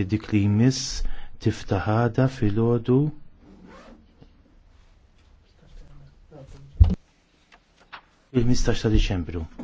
dik li jmiss tiftaħada fil-ħodu il-15 ta' Diċembru.